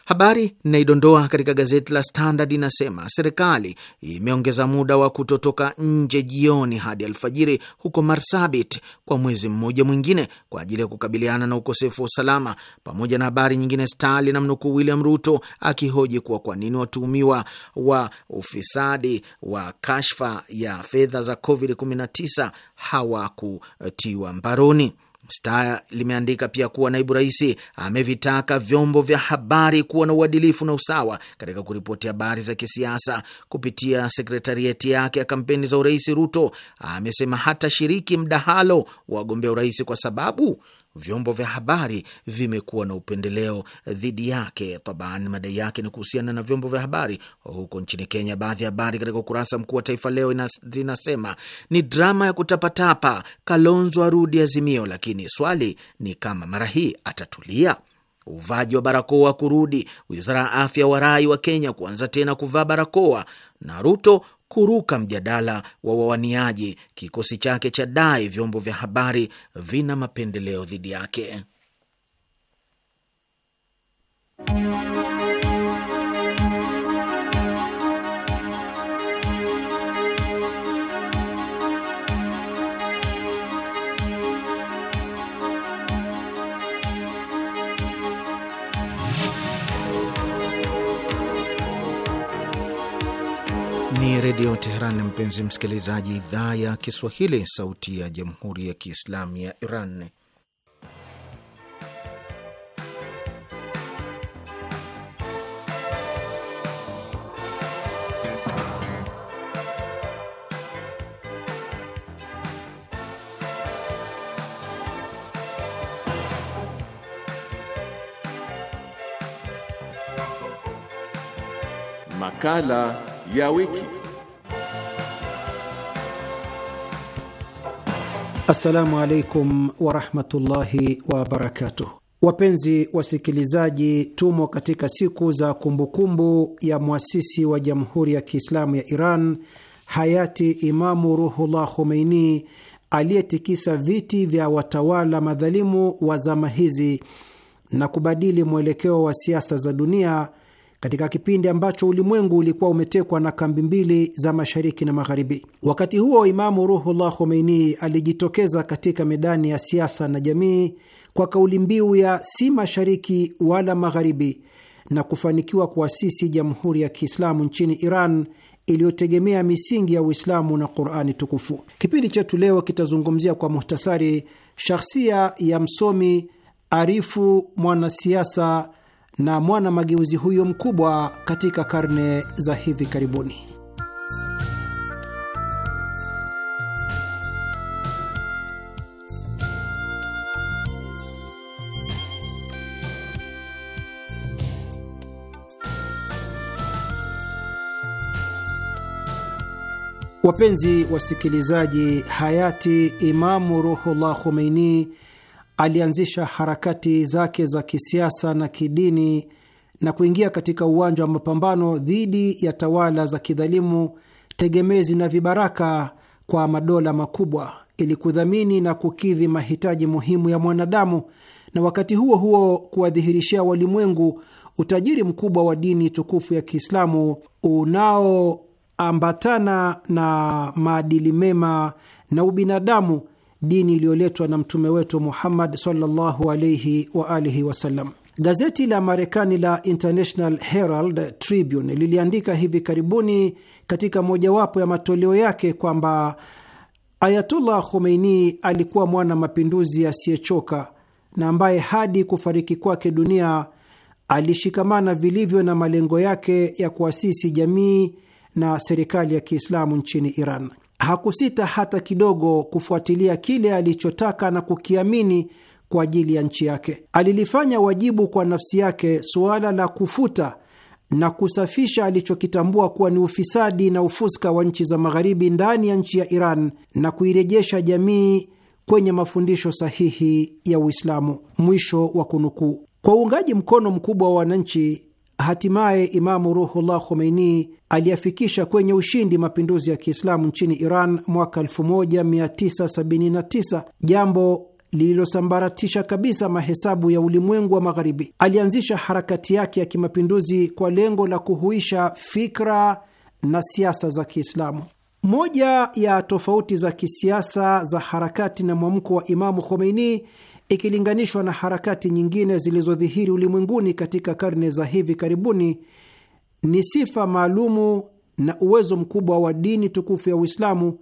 Habari inaidondoa katika gazeti la Standard inasema serikali imeongeza muda wa kutotoka nje jioni hadi alfajiri huko Marsabit kwa mwezi mmoja mwingine kwa ajili ya kukabiliana na ukosefu wa usalama, pamoja na habari nyingine. stali na mnukuu William Ruto akihoji kuwa kwa nini watuhumiwa wa ufisadi wa kashfa ya fedha za COVID-19 hawakutiwa mbaroni. Star limeandika pia kuwa naibu rais amevitaka vyombo vya habari kuwa na uadilifu na usawa katika kuripoti habari za kisiasa. Kupitia sekretarieti yake ya kampeni za urais, Ruto amesema hata shiriki mdahalo wa wagombea urais kwa sababu vyombo vya habari vimekuwa na upendeleo dhidi yake. Taban, madai yake ni kuhusiana na vyombo vya habari huko nchini Kenya. Baadhi ya habari katika ukurasa mkuu wa Taifa Leo zinasema ni drama ya kutapatapa, Kalonzo arudi Azimio, lakini swali ni kama mara hii atatulia. Uvaji wa barakoa kurudi, wizara ya afya warai wa Kenya kuanza tena kuvaa barakoa, na Ruto kuruka mjadala wa wawaniaji kikosi chake cha dai vyombo vya habari vina mapendeleo dhidi yake. Redio Teheran, mpenzi msikilizaji, idhaa ya Kiswahili, sauti ya jamhuri ya kiislamu ya Iran. Makala ya wiki. Assalamu alaikum warahmatullahi wabarakatuh. Wapenzi wasikilizaji, tumo katika siku za kumbukumbu kumbu ya mwasisi wa Jamhuri ya Kiislamu ya Iran, hayati Imamu Ruhullah Khomeini aliyetikisa viti vya watawala madhalimu wa zama hizi na kubadili mwelekeo wa siasa za dunia katika kipindi ambacho ulimwengu ulikuwa umetekwa na kambi mbili za mashariki na magharibi. Wakati huo, Imamu Ruhullah Khomeini alijitokeza katika medani ya siasa na jamii kwa kauli mbiu ya si mashariki wala magharibi na kufanikiwa kuasisi Jamhuri ya Kiislamu nchini Iran iliyotegemea misingi ya Uislamu na Qurani tukufu. Kipindi chetu leo kitazungumzia kwa muhtasari shahsia ya msomi arifu, mwanasiasa na mwana mageuzi huyo mkubwa katika karne za hivi karibuni. Wapenzi wasikilizaji, hayati Imamu Ruhullah Khomeini alianzisha harakati zake za kisiasa na kidini na kuingia katika uwanja wa mapambano dhidi ya tawala za kidhalimu tegemezi na vibaraka kwa madola makubwa ili kudhamini na kukidhi mahitaji muhimu ya mwanadamu na wakati huo huo kuwadhihirishia walimwengu utajiri mkubwa wa dini tukufu ya Kiislamu unaoambatana na maadili mema na ubinadamu dini iliyoletwa na mtume wetu Muhammad sallallahu alaihi wa alihi wasallam. Gazeti la Marekani la International Herald Tribune liliandika hivi karibuni katika mojawapo ya matoleo yake kwamba Ayatullah Khomeini alikuwa mwana mapinduzi asiyechoka na ambaye hadi kufariki kwake dunia alishikamana vilivyo na malengo yake ya kuasisi jamii na serikali ya Kiislamu nchini Iran hakusita hata kidogo kufuatilia kile alichotaka na kukiamini kwa ajili ya nchi yake. Alilifanya wajibu kwa nafsi yake suala la kufuta na kusafisha alichokitambua kuwa ni ufisadi na ufuska wa nchi za magharibi ndani ya nchi ya Iran na kuirejesha jamii kwenye mafundisho sahihi ya Uislamu. Mwisho wa kunukuu. Kwa uungaji mkono mkubwa wa wananchi, Hatimaye Imamu Ruhullah Khomeini aliyafikisha kwenye ushindi mapinduzi ya Kiislamu nchini Iran mwaka 1979, jambo lililosambaratisha kabisa mahesabu ya ulimwengu wa Magharibi. Alianzisha harakati yake ya kimapinduzi kwa lengo la kuhuisha fikra na siasa za Kiislamu. Moja ya tofauti za kisiasa za harakati na mwamko wa Imamu Khomeini ikilinganishwa na harakati nyingine zilizodhihiri ulimwenguni katika karne za hivi karibuni, ni sifa maalumu na uwezo mkubwa wa dini tukufu ya Uislamu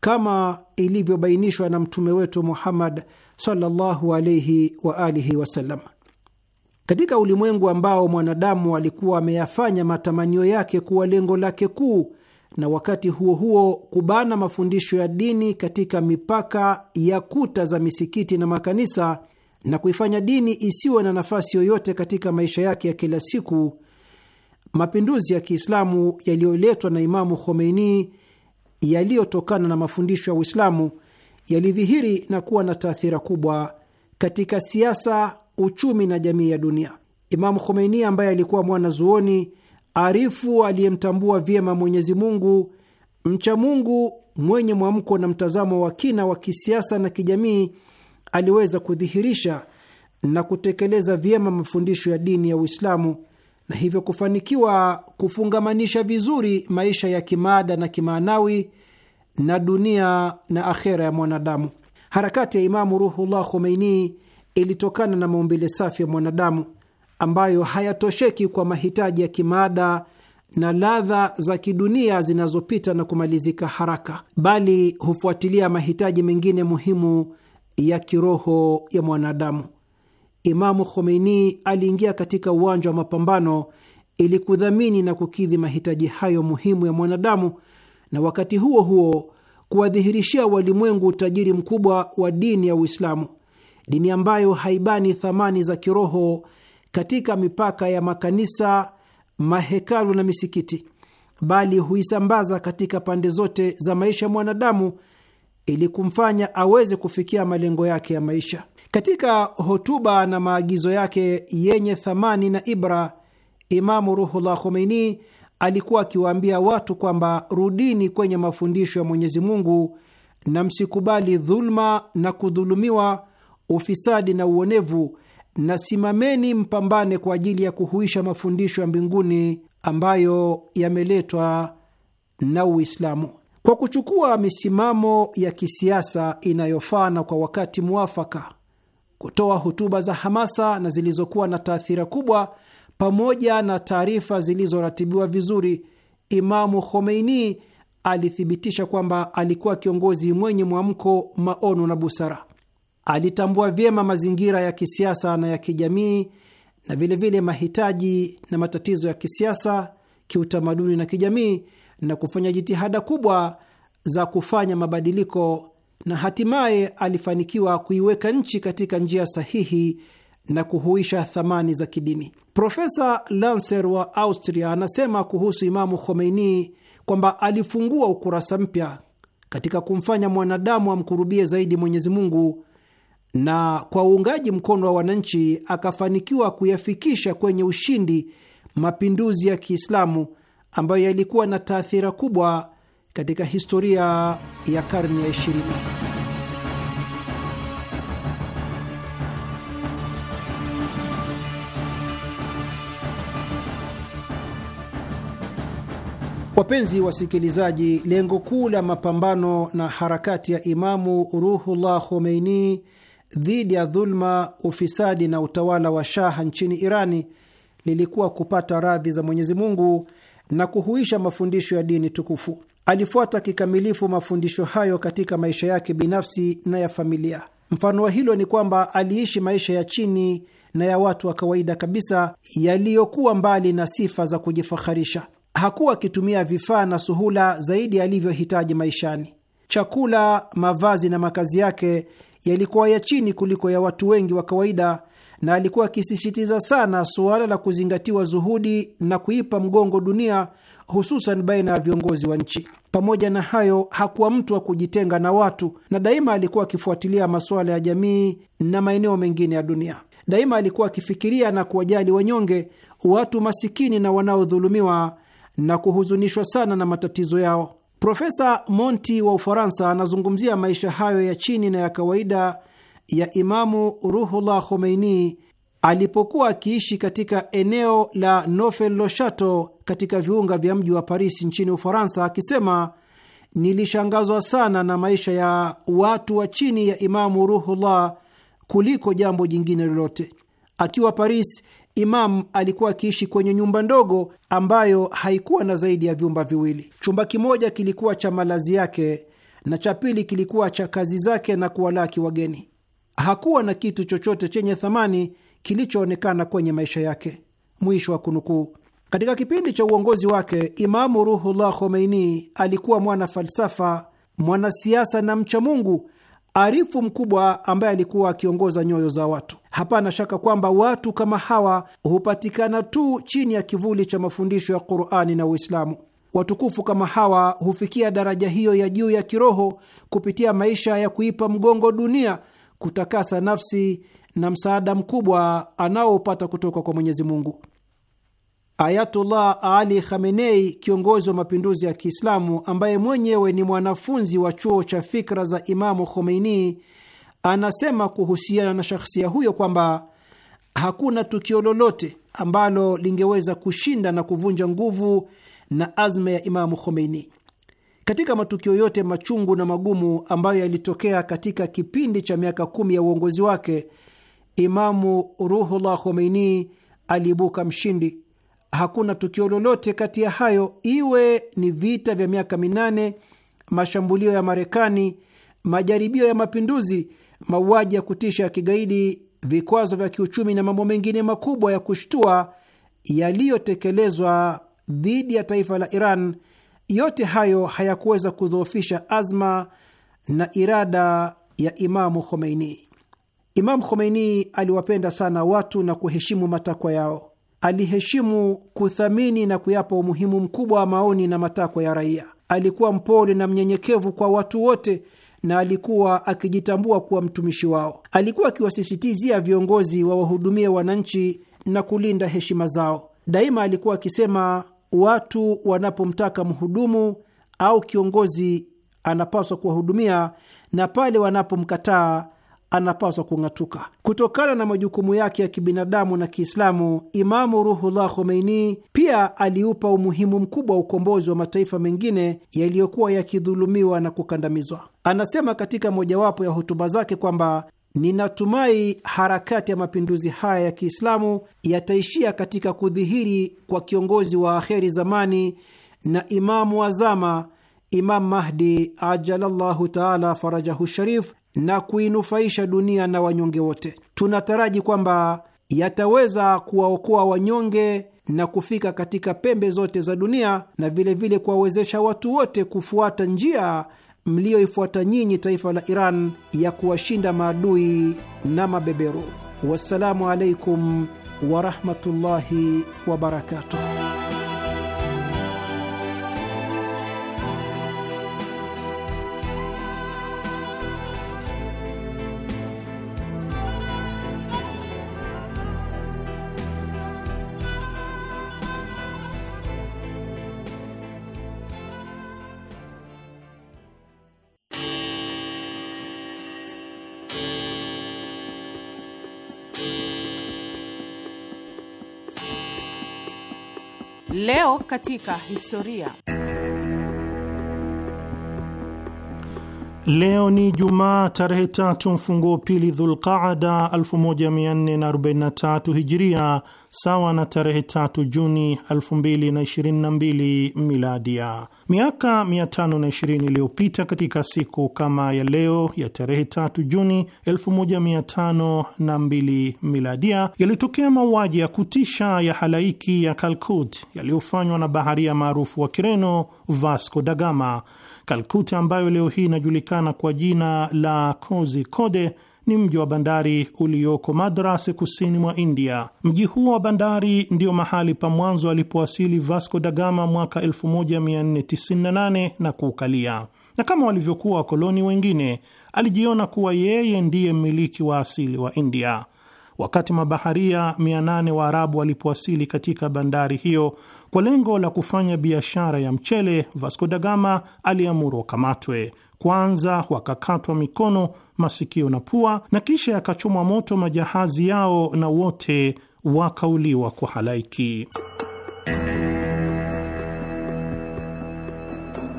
kama ilivyobainishwa na mtume wetu Muhammad sallallahu alaihi wa alihi wasallam. Katika ulimwengu ambao mwanadamu alikuwa ameyafanya matamanio yake kuwa lengo lake kuu na wakati huo huo kubana mafundisho ya dini katika mipaka ya kuta za misikiti na makanisa na kuifanya dini isiwe na nafasi yoyote katika maisha yake ya kila siku. Mapinduzi ya Kiislamu yaliyoletwa na Imamu Khomeini yaliyotokana na mafundisho ya Uislamu yalidhihiri na kuwa na taathira kubwa katika siasa, uchumi na jamii ya dunia. Imamu Khomeini ambaye alikuwa mwanazuoni arifu aliyemtambua vyema Mwenyezi Mungu, mcha Mungu mwenye mwamko na mtazamo wa kina wa kisiasa na kijamii, aliweza kudhihirisha na kutekeleza vyema mafundisho ya dini ya Uislamu na hivyo kufanikiwa kufungamanisha vizuri maisha ya kimaada na kimaanawi na dunia na akhera ya mwanadamu. Harakati ya Imamu Ruhullah Khomeini ilitokana na maumbile safi ya mwanadamu ambayo hayatosheki kwa mahitaji ya kimaada na ladha za kidunia zinazopita na kumalizika haraka, bali hufuatilia mahitaji mengine muhimu ya kiroho ya mwanadamu. Imamu Khomeini aliingia katika uwanja wa mapambano ili kudhamini na kukidhi mahitaji hayo muhimu ya mwanadamu, na wakati huo huo kuwadhihirishia walimwengu utajiri mkubwa wa dini ya Uislamu, dini ambayo haibani thamani za kiroho katika mipaka ya makanisa, mahekalu na misikiti, bali huisambaza katika pande zote za maisha ya mwanadamu ili kumfanya aweze kufikia malengo yake ya maisha. Katika hotuba na maagizo yake yenye thamani na ibra, Imamu Ruhullah Khomeini alikuwa akiwaambia watu kwamba rudini kwenye mafundisho ya Mwenyezi Mungu na msikubali dhuluma na kudhulumiwa, ufisadi na uonevu na simameni mpambane kwa ajili ya kuhuisha mafundisho ya mbinguni ambayo yameletwa na Uislamu. Kwa kuchukua misimamo ya kisiasa inayofaana kwa wakati mwafaka, kutoa hotuba za hamasa na zilizokuwa na taathira kubwa, pamoja na taarifa zilizoratibiwa vizuri, Imamu Khomeini alithibitisha kwamba alikuwa kiongozi mwenye mwamko, maono na busara. Alitambua vyema mazingira ya kisiasa na ya kijamii na vilevile vile mahitaji na matatizo ya kisiasa, kiutamaduni na kijamii na kufanya jitihada kubwa za kufanya mabadiliko na hatimaye alifanikiwa kuiweka nchi katika njia sahihi na kuhuisha thamani za kidini. Profesa Lancer wa Austria anasema kuhusu Imamu Khomeini kwamba alifungua ukurasa mpya katika kumfanya mwanadamu amkurubie zaidi Mwenyezi Mungu na kwa uungaji mkono wa wananchi akafanikiwa kuyafikisha kwenye ushindi mapinduzi ya Kiislamu ambayo yalikuwa na taathira kubwa katika historia ya karne ya ishirini. Wapenzi wasikilizaji, lengo kuu la mapambano na harakati ya Imamu Ruhullah Khomeini dhidi ya dhuluma, ufisadi na utawala wa shaha nchini Irani lilikuwa kupata radhi za Mwenyezi Mungu na kuhuisha mafundisho ya dini tukufu. Alifuata kikamilifu mafundisho hayo katika maisha yake binafsi na ya familia. Mfano wa hilo ni kwamba aliishi maisha ya chini na ya watu wa kawaida kabisa yaliyokuwa mbali na sifa za kujifaharisha. Hakuwa akitumia vifaa na suhula zaidi alivyohitaji maishani. Chakula, mavazi na makazi yake yalikuwa ya chini kuliko ya watu wengi wa kawaida, na alikuwa akisisitiza sana suala la kuzingatiwa zuhudi na kuipa mgongo dunia, hususan baina ya viongozi wa nchi. Pamoja na hayo, hakuwa mtu wa kujitenga na watu, na daima alikuwa akifuatilia masuala ya jamii na maeneo mengine ya dunia. Daima alikuwa akifikiria na kuwajali wanyonge, watu masikini na wanaodhulumiwa na kuhuzunishwa sana na matatizo yao. Profesa Monti wa Ufaransa anazungumzia maisha hayo ya chini na ya kawaida ya Imamu Ruhullah Khomeini alipokuwa akiishi katika eneo la nofel Loshato katika viunga vya mji wa Paris nchini Ufaransa, akisema nilishangazwa sana na maisha ya watu wa chini ya Imamu Ruhullah kuliko jambo jingine lolote. Akiwa Paris, Imam alikuwa akiishi kwenye nyumba ndogo ambayo haikuwa na zaidi ya vyumba viwili. Chumba kimoja kilikuwa cha malazi yake na cha pili kilikuwa cha kazi zake na kuwalaki wageni. Hakuwa na kitu chochote chenye thamani kilichoonekana kwenye maisha yake. Mwisho wa kunukuu. Katika kipindi cha uongozi wake, Imamu Ruhullah Khomeini alikuwa mwana falsafa, mwanasiasa na mcha Mungu arifu mkubwa ambaye alikuwa akiongoza nyoyo za watu. Hapana shaka kwamba watu kama hawa hupatikana tu chini ya kivuli cha mafundisho ya Qurani na Uislamu. Watukufu kama hawa hufikia daraja hiyo ya juu ya kiroho kupitia maisha ya kuipa mgongo dunia, kutakasa nafsi na msaada mkubwa anaoupata kutoka kwa Mwenyezi Mungu. Ayatullah Ali Khamenei, kiongozi wa mapinduzi ya Kiislamu ambaye mwenyewe ni mwanafunzi wa chuo cha fikra za Imamu Khomeini, anasema kuhusiana na shakhsia huyo kwamba hakuna tukio lolote ambalo lingeweza kushinda na kuvunja nguvu na azma ya Imamu Khomeini. Katika matukio yote machungu na magumu ambayo yalitokea katika kipindi cha miaka kumi ya uongozi wake, Imamu Ruhullah Khomeini aliibuka mshindi hakuna tukio lolote kati ya hayo, iwe ni vita vya miaka minane, mashambulio ya Marekani, majaribio ya mapinduzi, mauaji ya kutisha ya kigaidi, vikwazo vya kiuchumi na mambo mengine makubwa ya kushtua yaliyotekelezwa dhidi ya taifa la Iran, yote hayo hayakuweza kudhoofisha azma na irada ya Imamu Khomeini. Imamu Khomeini aliwapenda sana watu na kuheshimu matakwa yao aliheshimu, kuthamini na kuyapa umuhimu mkubwa wa maoni na matakwa ya raia. Alikuwa mpole na mnyenyekevu kwa watu wote na alikuwa akijitambua kuwa mtumishi wao. Alikuwa akiwasisitizia viongozi wawahudumie wananchi na kulinda heshima zao. Daima alikuwa akisema watu wanapomtaka mhudumu au kiongozi anapaswa kuwahudumia, na pale wanapomkataa anapaswa kung'atuka kutokana na majukumu yake ya kibinadamu na Kiislamu. Imamu Ruhullah Khomeini pia aliupa umuhimu mkubwa wa ukombozi wa mataifa mengine yaliyokuwa yakidhulumiwa na kukandamizwa. Anasema katika mojawapo ya hotuba zake kwamba Ninatumai harakati ya mapinduzi haya ya Kiislamu yataishia katika kudhihiri kwa kiongozi wa akheri zamani na imamu wa zama Imam Mahdi ajalallahu taala farajahu sharif na kuinufaisha dunia na wanyonge wote. Tunataraji kwamba yataweza kuwaokoa wanyonge na kufika katika pembe zote za dunia na vilevile kuwawezesha watu wote kufuata njia mliyoifuata nyinyi taifa la Iran ya kuwashinda maadui na mabeberu. Wassalamu alaikum warahmatullahi wabarakatuh. Leo katika historia. Leo ni Jumaa tarehe tatu mfunguo pili Dhulqaada 1443 Hijiria sawa na tarehe tatu Juni 2022 miladia. Miaka 520 iliyopita katika siku kama ya leo ya tarehe tatu Juni 1502 miladia yalitokea mauaji ya kutisha ya halaiki ya Calcut yaliyofanywa na baharia maarufu wa Kireno Vasco da Gama. Calcut ambayo leo hii inajulikana kwa jina la Kozhikode ni mji wa bandari ulioko Madras, kusini mwa India. Mji huo wa bandari ndio mahali pa mwanzo alipowasili Vasco da Gama mwaka 1498 na kuukalia, na kama walivyokuwa wakoloni wengine, alijiona kuwa yeye ndiye mmiliki wa asili wa India wakati mabaharia 800 wa Arabu walipowasili katika bandari hiyo kwa lengo la kufanya biashara ya mchele, Vasco da Gama aliamuru wakamatwe. Kwanza wakakatwa mikono, masikio na pua, na kisha yakachomwa moto majahazi yao na wote wakauliwa kwa halaiki.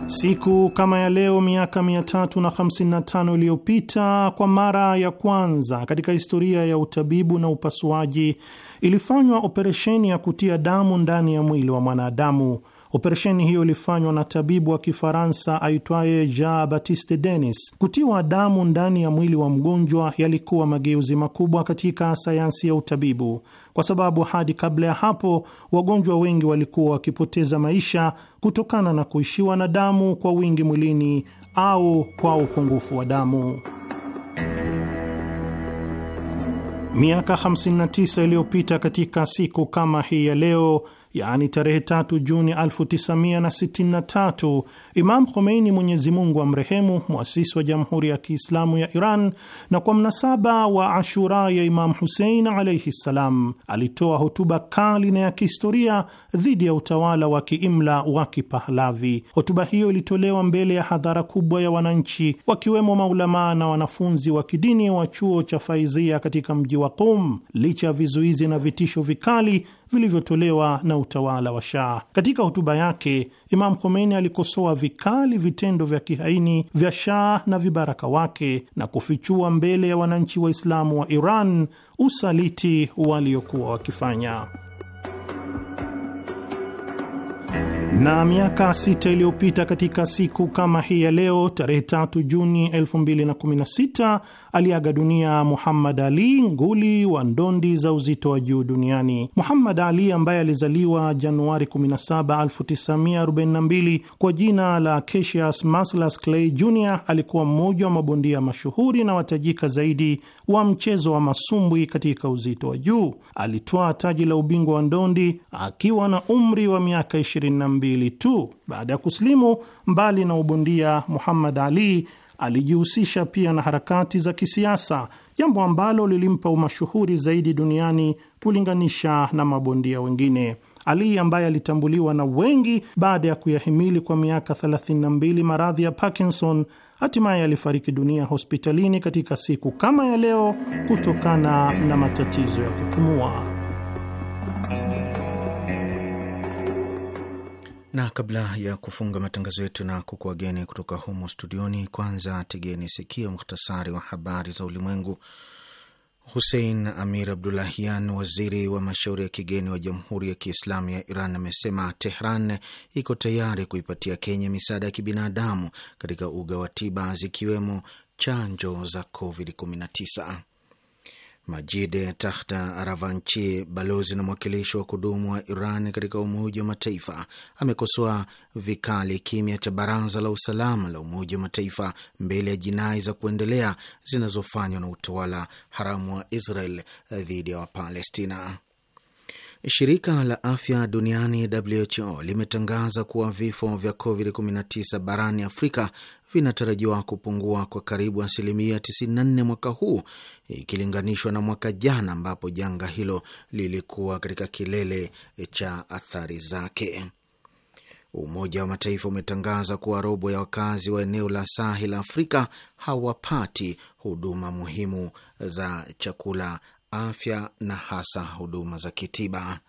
Siku kama ya leo miaka 355 iliyopita, kwa mara ya kwanza katika historia ya utabibu na upasuaji, ilifanywa operesheni ya kutia damu ndani ya mwili wa mwanadamu. Operesheni hiyo ilifanywa na tabibu wa Kifaransa aitwaye Jean Baptiste Denis. Kutiwa damu ndani ya mwili wa mgonjwa yalikuwa mageuzi makubwa katika sayansi ya utabibu, kwa sababu hadi kabla ya hapo wagonjwa wengi walikuwa wakipoteza maisha kutokana na kuishiwa na damu kwa wingi mwilini au kwa upungufu wa damu. Miaka 59 iliyopita katika siku kama hii ya leo yaani tarehe tatu Juni 1963 Imam Khomeini, Mwenyezi Mungu amrehemu, mwasisi wa Jamhuri ya Kiislamu ya Iran, na kwa mnasaba wa Ashura ya Imam Husein alaihi ssalam, alitoa hotuba kali na ya kihistoria dhidi ya utawala wa kiimla wa Kipahlavi. Hotuba hiyo ilitolewa mbele ya hadhara kubwa ya wananchi, wakiwemo maulamaa na wanafunzi wa kidini wa chuo cha Faizia katika mji wa Qum, licha ya vizuizi na vitisho vikali vilivyotolewa na utawala wa Shah. Katika hotuba yake, Imam Khomeini alikosoa vikali vitendo vya kihaini vya Shah na vibaraka wake na kufichua mbele ya wananchi Waislamu wa Iran usaliti waliokuwa wakifanya. Na miaka sita iliyopita katika siku kama hii ya leo tarehe tatu Juni 2016 aliaga dunia Muhammad Ali, nguli wa ndondi za uzito wa juu duniani. Muhammad Ali ambaye alizaliwa Januari 17, 1942 kwa jina la Cassius Maslas Clay Jr alikuwa mmoja wa mabondia mashuhuri na watajika zaidi wa mchezo wa masumbwi katika uzito wa juu. Alitwaa taji la ubingwa wa ndondi akiwa na umri wa miaka 22 mbili tu baada ya kusilimu. Mbali na ubondia, Muhammad Ali alijihusisha pia na harakati za kisiasa, jambo ambalo lilimpa umashuhuri zaidi duniani kulinganisha na mabondia wengine. Ali ambaye alitambuliwa na wengi baada ya kuyahimili kwa miaka 32 maradhi ya Parkinson hatimaye alifariki dunia hospitalini katika siku kama ya leo kutokana na matatizo ya kupumua. na kabla ya kufunga matangazo yetu na kukuageni kutoka humo studioni, kwanza tegeni sikio muhtasari wa habari za ulimwengu. husein Amir Abdulahian, waziri wa mashauri ya kigeni wa Jamhuri ya Kiislamu ya Iran, amesema Tehran iko tayari kuipatia Kenya misaada ya kibinadamu katika uga wa tiba, zikiwemo chanjo za COVID-19. Majid Tahta Ravanchi, balozi na mwakilishi wa kudumu wa Iran katika Umoja wa Mataifa, amekosoa vikali kimya cha Baraza la Usalama la Umoja wa Mataifa mbele ya jinai za kuendelea zinazofanywa na utawala haramu wa Israel dhidi ya Wapalestina. Shirika la afya duniani WHO limetangaza kuwa vifo vya COVID-19 barani Afrika vinatarajiwa kupungua kwa karibu asilimia 94 mwaka huu ikilinganishwa na mwaka jana, ambapo janga hilo lilikuwa katika kilele cha athari zake. Umoja wa Mataifa umetangaza kuwa robo ya wakazi wa eneo la Sahel Afrika hawapati huduma muhimu za chakula, afya na hasa huduma za kitiba.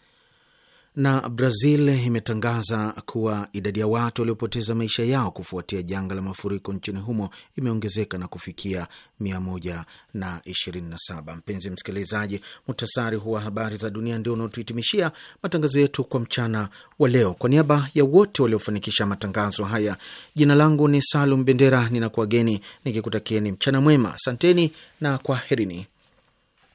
Na Brazil imetangaza kuwa idadi ya watu waliopoteza maisha yao kufuatia janga la mafuriko nchini humo imeongezeka na kufikia 127. Mpenzi msikilizaji, muhtasari huwa habari za dunia ndio unaotuhitimishia matangazo yetu kwa mchana wa leo. Kwa niaba ya wote waliofanikisha matangazo haya, jina langu ni Salum Bendera, ninakuwageni nikikutakieni mchana mwema. Asanteni na kwaherini.